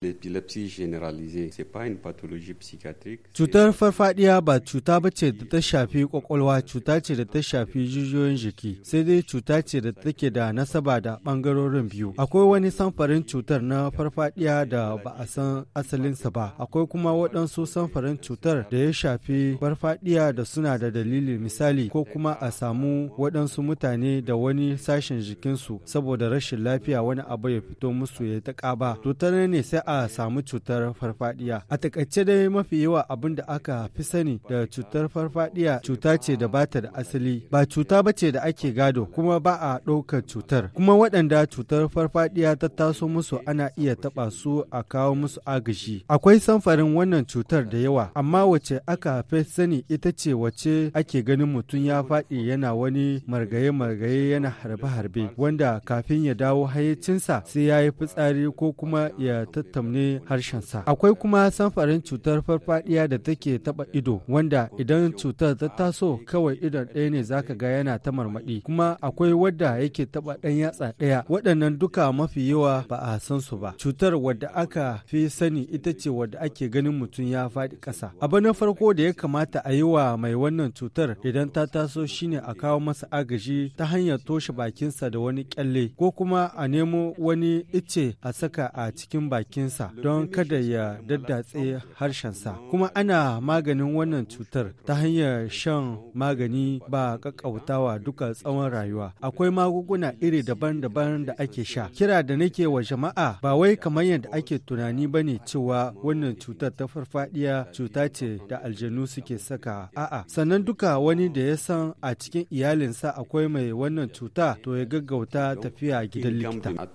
L'épilepsie généralisée, n'est pas une pathologie psychiatrique. Cutar farfadiya ba cuta ba ce da ta shafi kwakwalwa, cuta ce da ta shafi jijiyoyin jiki, sai dai cuta ce da take da nasaba da bangarorin biyu. Akwai wani samfarin cutar na farfadiya da ba a san asalinsa ba, akwai kuma waɗansu samfarin cutar da ya shafi farfadiya da suna da dalili misali ko kuma a samu waɗansu mutane da wani sashen jikinsu saboda rashin lafiya wani abu ya fito musu ya ta ƙaba. Cutar ne sai a samu cutar farfadiya. A takaice dai mafi yawa abin da aka fi sani da cutar farfadiya cuta ce da ba ta da asali, ba cuta ba ce da ake gado kuma ba a ɗaukar cutar. Kuma waɗanda cutar farfadiya ta taso musu ana iya taɓa su a kawo musu agashi. Akwai samfarin wannan cutar da yawa, amma wace aka fi sani ita ce wace ake ganin mutum ya faɗi yana wani margaye-margaye yana harbe-harbe, wanda kafin ya dawo hayyacinsa sai ya yi fitsari ko kuma ya tattara symptom ne harshensa. Akwai kuma samfarin cutar farfadiya da take taba ido wanda idan cutar ta taso kawai idon ɗaya ne zaka ga yana ta marmaɗi kuma akwai wadda yake taba ɗan yatsa ɗaya waɗannan duka mafi yawa ba a san su ba. Cutar wadda aka fi sani ita ce wadda ake ganin mutum ya faɗi ƙasa. Abu na farko da ya kamata a yi wa mai wannan cutar idan ta taso shine a kawo masa agaji ta hanyar toshe bakinsa da wani kyalle ko kuma a nemo wani ice a saka a cikin bakin jikinsa don kada ya daddatse harshensa kuma ana maganin wannan cutar ta hanyar shan magani ba kakkautawa duka tsawon rayuwa akwai magunguna iri daban-daban da ake sha kira da nake wa jama'a ba wai kamar yadda ake tunani ba ne cewa wannan cutar ta farfadiya cuta ce da aljanu suke saka a'a sannan duka wani da ya san a cikin iyalinsa akwai mai wannan cuta to ya gaggauta tafiya gidan likita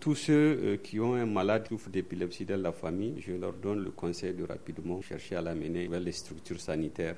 la famille, je leur donne le conseil de rapidement chercher à l'amener vers les structures sanitaires